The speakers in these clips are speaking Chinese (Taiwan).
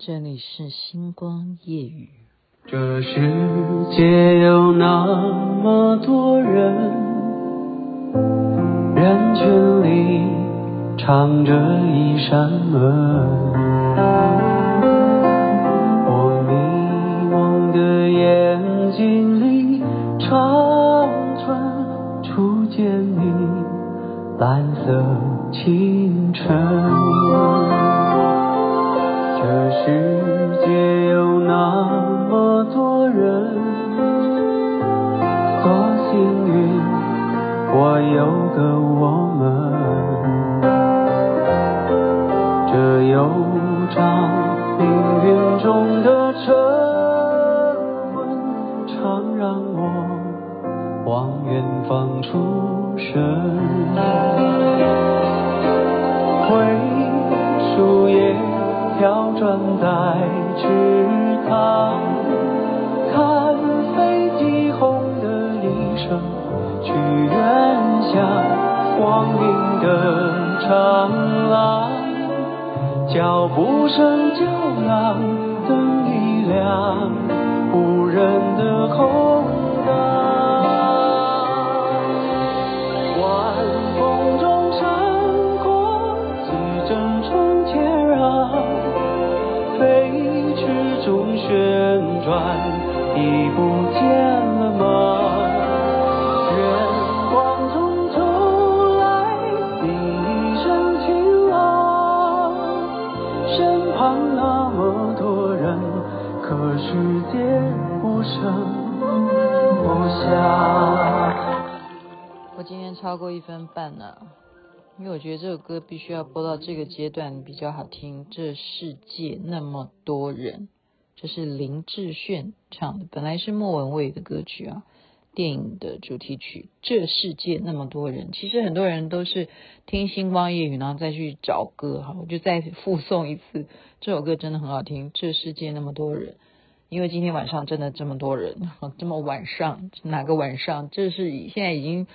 這裡是星光夜語。這世界有那麼多人，人群裡藏着一扇門。我迷蒙的眼睛裡，長存初見你，藍色清晨。我有個我們，這悠長命運中的晨昏，常讓我望遠方出神。腳步聲漸遠，燈、啊、一亮，無人的空蕩。晚風中閃過幾幀從前啊，飛馳中旋轉已不見。我今天超過一分半了啊，因為我覺得這首歌必須要播到這個階段比較好聽。這世界那麼多人，這是林志炫唱的，本來是莫文蔚的歌曲啊，電影的主題曲。這世界那麼多人，其實很多人都是聽《星光夜語》然後再去找歌哈，我就再附送一次。這首歌真的很好聽，這世界那麼多人。因為今天晚上真的這麼多人，這麼晚上哪個晚上？這、就是現在已經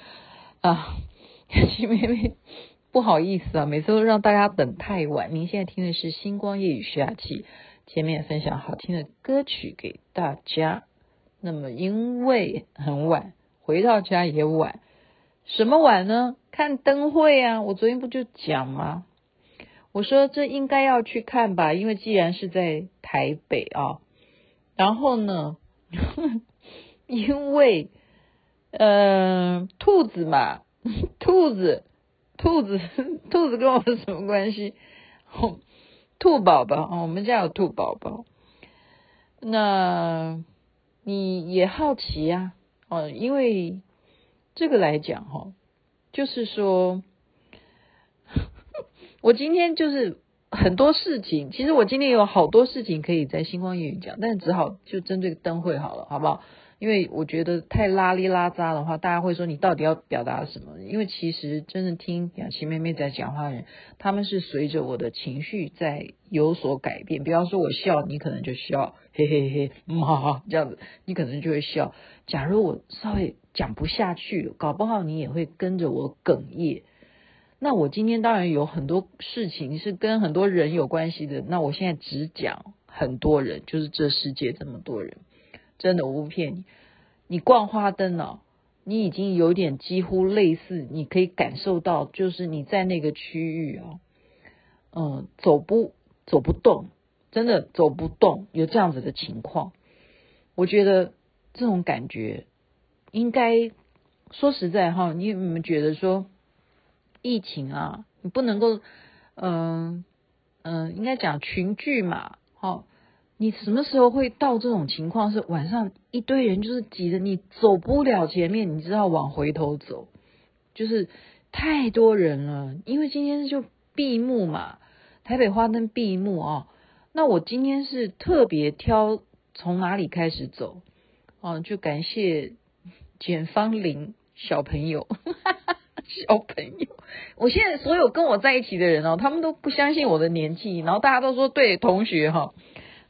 啊，七妹妹不好意思啊，每次都讓大家等太晚。您現在聽的是星光夜語徐雅琪，前面分享好聽的歌曲給大家。那麼因為很晚，回到家也晚，什麼晚呢？看燈會啊！我昨天不就講嗎？我說這應該要去看吧，因為既然是在台北啊。然後呢？因為，嗯、呃，兔子嘛，兔子，兔子，兔子跟我什麼關係？哦、兔寶寶、哦，我們家有兔寶寶。那你也好奇啊？哦，因為這個來講哈、哦，就是說，我今天就是。很多事情，其實我今天有好多事情可以在星光夜語講，但只好就針對燈會好了，好不好？因為我覺得太拉里拉雜的話，大家會說你到底要表達什麼？因為其實真的聽雅琪妹妹在講話的人，他們是隨着我的情緒在有所改變。比方說我笑，你可能就笑，嘿嘿嘿，嗯，好好這樣子，你可能就會笑。假如我稍微講不下去，搞不好你也會跟着我哽咽。那我今天當然有很多事情是跟很多人有關係的。那我現在只講很多人，就是這世界這麼多人，真的我不騙你。你逛花燈哦，你已經有點幾乎類似，你可以感受到，就是你在那個區域哦，嗯，走不走不動，真的走不動，有這樣子的情況。我覺得這種感覺應該說實在哈，你，你們覺得說。疫情啊，你不能夠，嗯、呃、嗯、呃，應該講群聚嘛，哦，你什麼時候會到這種情況？是晚上一堆人就是擠的，你走不了前面，你知道往回頭走，就是太多人了。因為今天就閉幕嘛，台北花燈閉幕啊。那我今天是特別挑從哪裡開始走，哦，就感謝簡芳玲小朋友。 小朋友，我現在所有跟我在一起的人哦，他們都不相信我的年紀，然後大家都說對同學哈、哦，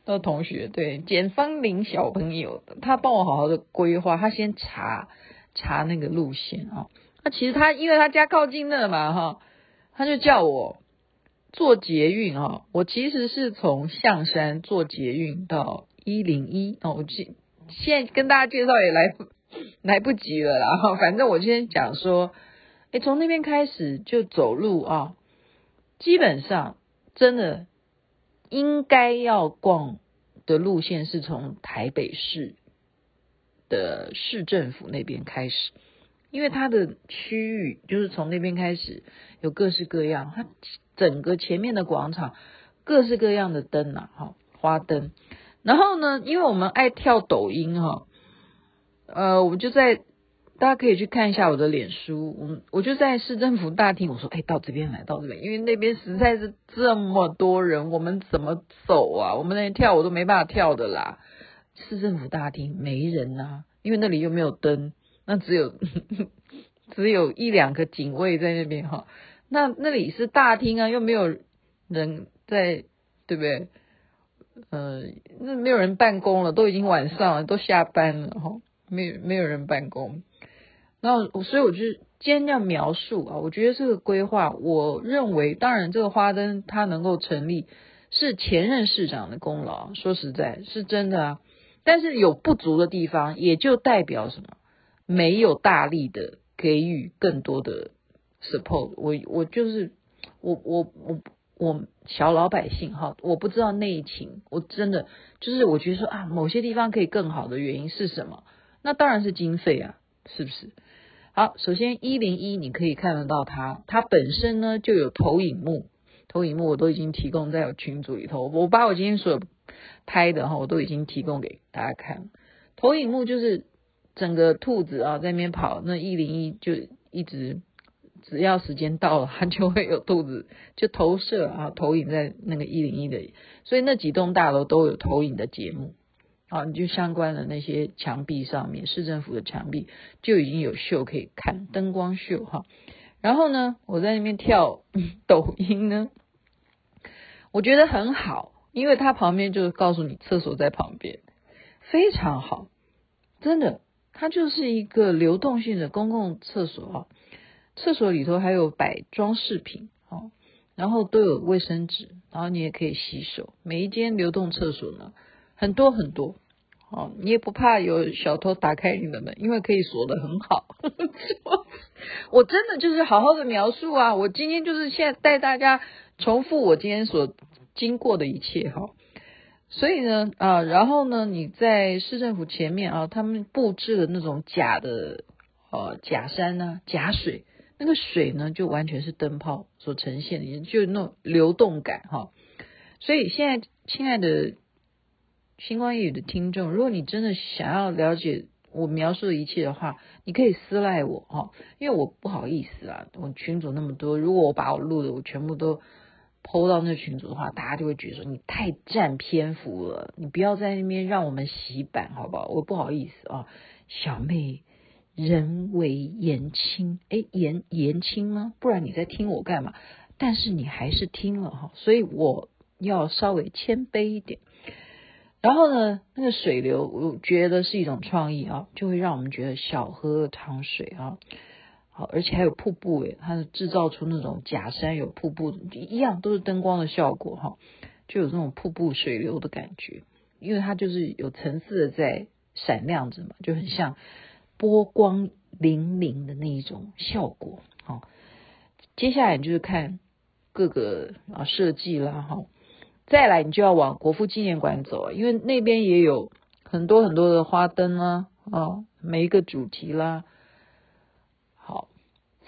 都同學對簡芳玲小朋友，他幫我好好的規劃，他先查查那個路線、哦、啊。那其實他因為他家靠近那嘛哈、哦，他就叫我坐捷運啊、哦。我其實是從象山坐捷運到一零一哦，我今現在跟大家介紹也來來不及了啦，然後反正我先講說。哎，從那邊開始就走路啊、哦，基本上真的應該要逛的路線是從台北市的市政府那邊開始，因為它的區域就是從那邊開始有各式各樣，它整個前面的廣場各式各樣的燈吶、啊，哈、哦，花燈。然後呢，因為我們愛跳抖音哈、哦，呃，我們就在。大家可以去看一下我的臉書，嗯，我就在市政府大廳，我說，可以、欸、到這邊來，到這邊，因為那邊實在是這麼多人，我們怎麼走啊？我們那邊跳舞我都沒辦法跳的啦。市政府大廳沒人啊，因為那裡又沒有燈，那只有呵呵只有一兩個警衛在那邊哈、哦。那那裡是大廳啊，又沒有人在，對不對？嗯、呃，那沒有人辦公了，都已經晚上了，都下班了哈、哦，沒有沒有人辦公。那我所以我就今天這樣描述啊，我覺得這個規劃，我認為當然這個花燈它能夠成立，是前任市長的功勞，說實在是真的啊。但是有不足的地方，也就代表什麼？沒有大力的給予更多的 support。我我就是我我我我小老百姓哈，我不知道內情，我真的就是我覺得說啊，某些地方可以更好的原因是什麼？那當然是經費啊，是不是？好，首先一零一你可以看得到它，它本身呢就有投影幕，投影幕我都已經提供在我群組裡頭，我把我今天所拍的哈，我都已經提供給大家看。投影幕就是整個兔子啊在那邊跑，那一零一就一直只要時間到了，它就會有兔子就投射啊投影在那個一零一的，所以那幾棟大樓都有投影的節目。啊，你就相關的那些牆壁上面，市政府的牆壁就已經有秀可以看燈光秀哈、啊。然後呢，我在那邊跳、嗯、抖音呢，我覺得很好，因為它旁邊就是告訴你廁所在旁邊，非常好，真的，它就是一個流動性的公共廁所哈、啊，廁所裡頭還有擺裝飾品哦、啊，然後都有衛生紙，然後你也可以洗手。每一間流動廁所呢，很多很多。哦，你也不怕有小偷打開你的門，因為可以鎖得很好。 我真的就是好好的描述啊，我今天就是現在帶大家重複我今天所經過的一切哈、哦。所以呢，啊、哦，然後呢，你在市政府前面啊、哦，他們布置的那種假的呃、哦、假山呢、啊，假水，那個水呢就完全是燈泡所呈現的，就那種流動感哈、哦。所以現在，親愛的。星光夜語的聽眾，如果你真的想要了解我描述的一切的話，你可以私賴我哈、哦，因為我不好意思啊，我群組那麼多，如果我把我錄的我全部都 PO 到那群組的話，大家就會覺得說你太占篇幅了，你不要在那邊讓我們洗版，好不好？我不好意思啊、哦，小妹，人微言輕，哎，言言，言輕嗎？不然你在聽我幹嘛？但是你還是聽了哈、哦，所以我要稍微謙卑一點。然後呢，那個水流，我覺得是一種創意啊、哦，就會讓我們覺得小河淌水啊，好，而且還有瀑布誒，它是製造出那種假山有瀑布一樣，都是燈光的效果哈、哦，就有這種瀑布水流的感覺，因為它就是有層次的在閃亮着嘛，就很像波光粼粼的那一種效果。哈、哦、接下來就是看各個啊設計啦哈。再來，你就要往國父紀念館走，因為那邊也有很多很多的花燈啊，哦，每一個主題啦。好，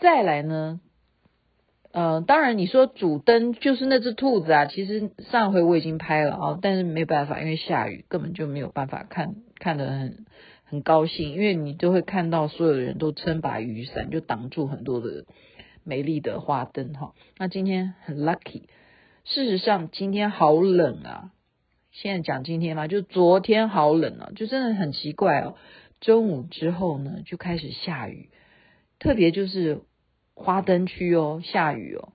再來呢，呃，當然你說主燈就是那隻兔子啊，其實上回我已經拍了啊、哦，但是沒有辦法，因為下雨，根本就沒有辦法看，看得很很高興，因為你就會看到所有的人都撐把雨傘，就擋住很多的美麗的花燈哈、哦。那今天很 lucky。事實上，今天好冷啊！現在講今天嘛，就昨天好冷啊，就真的很奇怪哦。中午之後呢，就開始下雨，特別就是花燈區哦，下雨哦。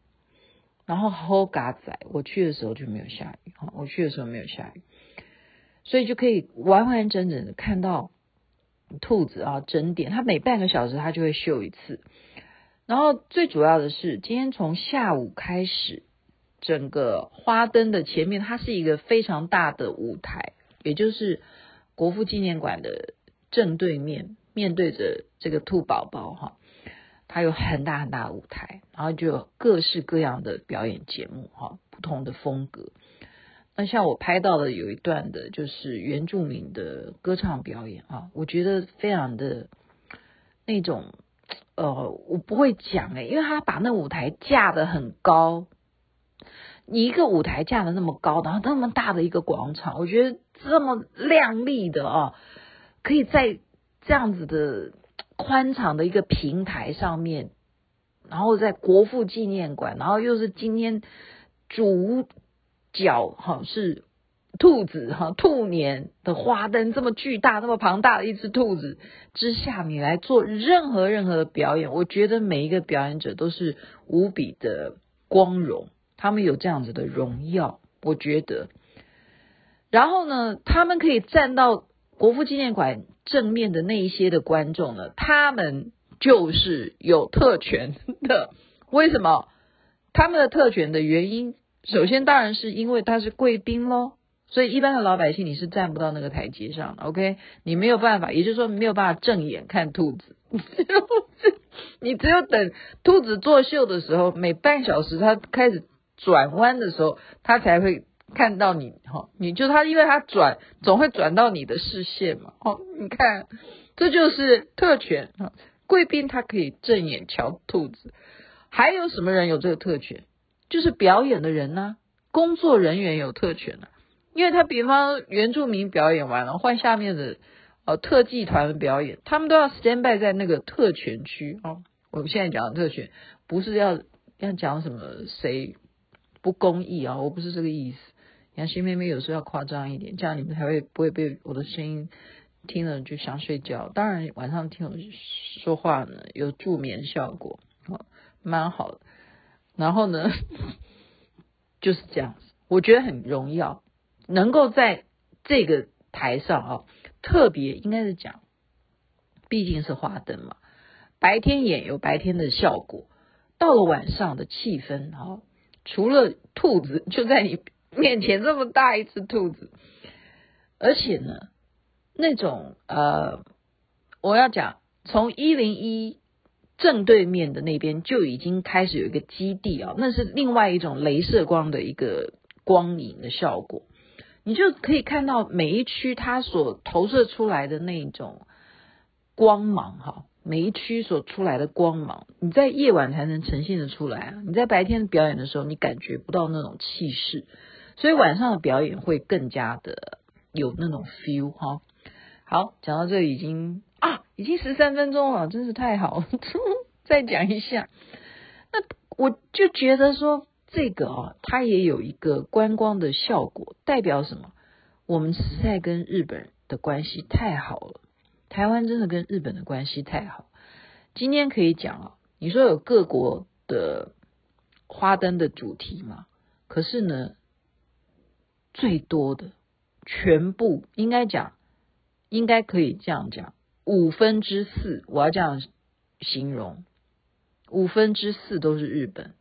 然後好嘎仔，我去的時候就沒有下雨，我去的時候沒有下雨，所以就可以完完整整的看到兔子啊，整點，它每半個小時它就會秀一次。然後最主要的是，今天從下午開始。整個花燈的前面，它是一個非常大的舞台，也就是國父紀念館的正對面，面對着這個兔寶寶哈，它有很大很大的舞台，然後就有各式各樣的表演節目哈，不同的風格。那像我拍到的有一段的，就是原住民的歌唱表演啊，我覺得非常的那種呃，我不會講誒，因為他把那舞台架得很高。你一個舞台架得那麼高，然後那麼大的一個廣場，我覺得這麼亮麗的哦、啊，可以在這樣子的寬敞的一個平台上面，然後在國父紀念館，然後又是今天主角哈，是兔子哈，兔年的花燈，這麼巨大、這麼龐大的一隻兔子之下，你來做任何任何的表演，我覺得每一個表演者都是無比的光榮。他們有這樣子的榮耀，我覺得。然後呢，他們可以站到國父紀念館正面的那一些的觀眾呢，他們就是有特權的。為什麼？他們的特權的原因，首先當然是因為他是貴賓嘍，所以一般的老百姓你是站不到那個台階上，OK？你沒有辦法，也就是說你沒有辦法正眼看兔子， 你只有等兔子作秀的時候，每半小時他開始。轉彎的時候，他才會看到你哈、哦，你就他，因為他轉總會轉到你的視線嘛，哦，你看，這就是特權啊、哦，貴賓他可以正眼瞧兔子，還有什麼人有這個特權？就是表演的人呢、啊、工作人員有特權、啊、因為他比方原住民表演完了，換下面的呃、哦、特技團表演，他們都要 stand by 在那個特權區哦。我們現在講的特權，不是要要講什麼誰。不公益啊，我不是這個意思。楊鑫妹妹有時候要誇張一點，這樣你們才會不會被我的聲音聽了就想睡覺。當然晚上聽我說話呢，有助眠效果，蠻好的。然後呢，就是這樣子。我覺得很榮耀，能夠在這個台上啊，特別應該是講，畢竟是花燈嘛，白天演有白天的效果，到了晚上的氣氛，啊，哈。除了兔子，就在你面前這麼大一只兔子，而且呢，那種呃，我要講從一零一正對面的那邊就已經開始有一個基地啊、哦，那是另外一種鐳射光的一個光影的效果，你就可以看到每一區它所投射出來的那種光芒哈、哦。每一區所出來的光芒，你在夜晚才能呈現得出來啊！你在白天表演的時候，你感覺不到那種氣勢，所以晚上的表演會更加的有那種 feel 哈。好，講到這裡已經啊，已經十三分鐘了，真是太好了呵呵，再講一下。那我就覺得說這個啊、哦，它也有一個觀光的效果，代表什麼？我們實在跟日本的關係太好了。台灣真的跟日本的關係太好。今天可以講啊，你說有各國的花燈的主題嘛？可是呢，最多的全部應該講，應該可以這樣講，五分之四，我要這樣形容，五分之四都是日本。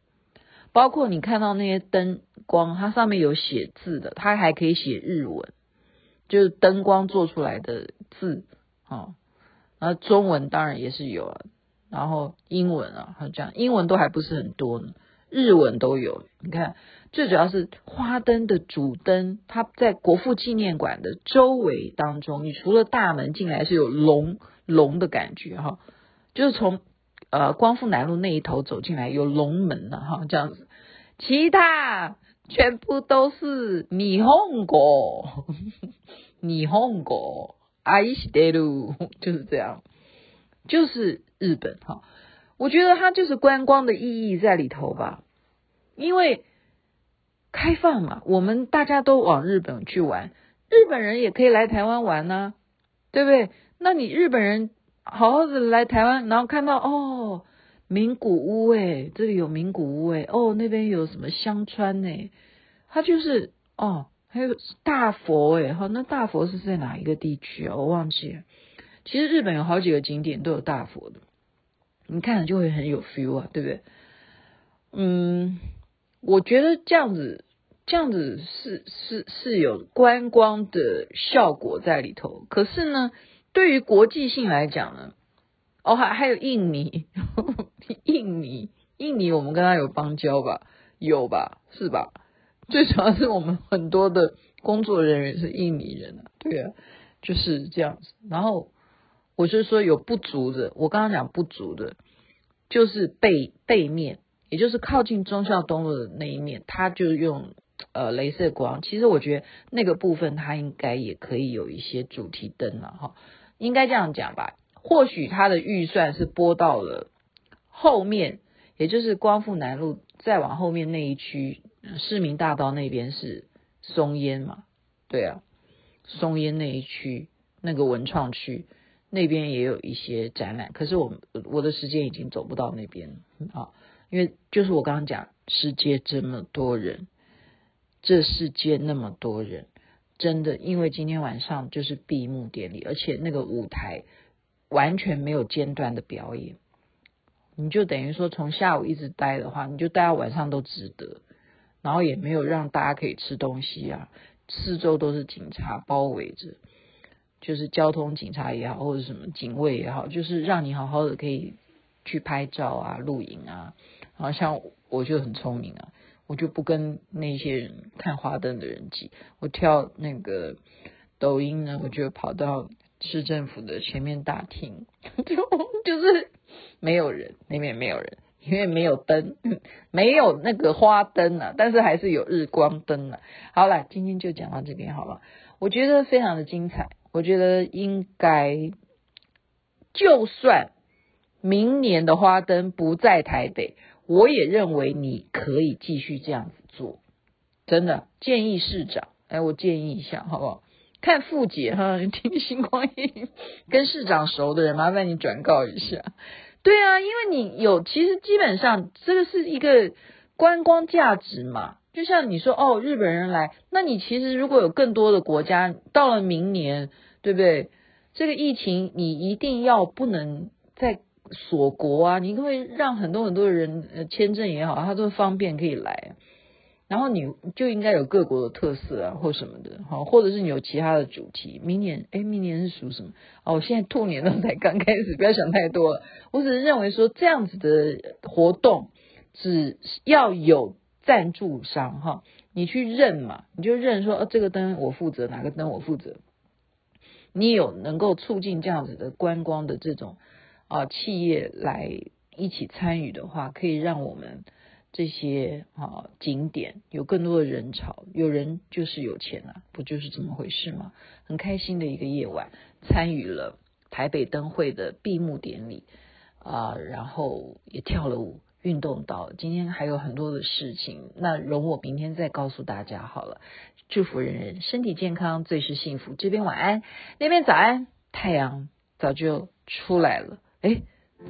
包括你看到那些燈光，它上面有寫字的，它還可以寫日文，就是燈光做出來的字。啊、哦，然後中文當然也是有，然後英文啊，好像英文都還不是很多呢，日文都有。你看，最主要是花燈的主燈，它在國父紀念館的周圍當中，你除了大門進來是有龍龍的感覺哈、哦，就是從呃光復南路那一頭走進來有龍門的哈、哦、這樣子，其他全部都是霓虹國，霓虹國阿伊西德魯就是這樣，就是日本哈，我覺得它就是觀光的意義在裡頭吧，因為開放嘛，我們大家都往日本去玩，日本人也可以來台灣玩呢、啊，對不對？那你日本人好好的來台灣，然後看到哦，名古屋哎、欸，這裡有名古屋哎、欸，哦那邊有什麼香川呢？它就是哦。還有大佛誒，好，那大佛是在哪一個地區啊？我忘記了。其實日本有好幾個景點都有大佛的，你看就會很有 feel 啊，對不對？嗯，我覺得這樣子，這樣子是是是有觀光的效果在裡頭。可是呢，對於國際性來講呢，哦，還還有印尼呵呵，印尼，印尼，我們跟他有邦交吧？有吧？是吧？最主要是我們很多的工作人員是印尼人啊，對啊，就是這樣子。然後我是說有不足的，我剛剛講不足的，就是背背面，也就是靠近忠孝東路的那一面，它就用呃雷射光。其實我覺得那個部分它應該也可以有一些主題燈了、啊、哈、哦，應該這樣講吧。或許它的預算是撥到了後面，也就是光復南路再往後面那一區。呃，市民大道那邊是松菸嘛？對啊，松菸那一區那個文創區那邊也有一些展覽。可是我我的時間已經走不到那邊了啊，因為就是我剛剛講，世界這麼多人，這世界那麼多人，真的，因為今天晚上就是閉幕典禮，而且那個舞台完全沒有間斷的表演，你就等於說從下午一直待的話，你就待到晚上都值得。然後也沒有讓大家可以吃東西啊，四周都是警察包圍着，就是交通警察也好，或者什麼警衛也好，就是讓你好好的可以去拍照啊、錄影啊。然後像我就很聰明啊，我就不跟那些人看花燈的人擠，我跳那個抖音呢，我就跑到市政府的前面大廳，就就是沒有人，那邊也沒有人。因為沒有燈，沒有那個花燈了，啊，但是還是有日光燈了，啊。好了，今天就講到這邊好了。我覺得非常的精彩，我覺得應該就算明年的花燈不在台北，我也認為你可以繼續這樣子做。真的建議市長，哎，我建議一下，好不好？看富姐哈，聽星光夜語，跟市長熟的人，麻煩你轉告一下。對啊，因為你有，其實基本上這個是一個觀光價值嘛。就像你說哦，日本人來，那你其實如果有更多的國家到了明年，對不對？這個疫情你一定要不能再鎖國啊，你會讓很多很多人呃簽證也好，他都方便可以來。然後你就應該有各國的特色啊，或什麼的，或者是你有其他的主題。明年，誒，明年是屬什麼？哦，我現在兔年都才剛開始，不要想太多了。我只是認為說，這樣子的活動，只要有贊助商哈，你去認嘛，你就認說，呃，這個燈我負責，哪個燈我負責。你有能夠促進這樣子的觀光的這種啊、呃、企業來一起參與的話，可以讓我們。這些啊、哦、景點有更多的人潮，有人就是有錢啊。不就是這麼回事嗎？很開心的一個夜晚，參與了台北燈會的閉幕典禮啊、呃，然後也跳了舞，運動到了今天還有很多的事情，那容我明天再告訴大家好了。祝福人人身體健康，最是幸福。這邊晚安，那邊早安，太陽早就出來了。哎，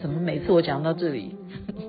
怎麼每次我講到這裡？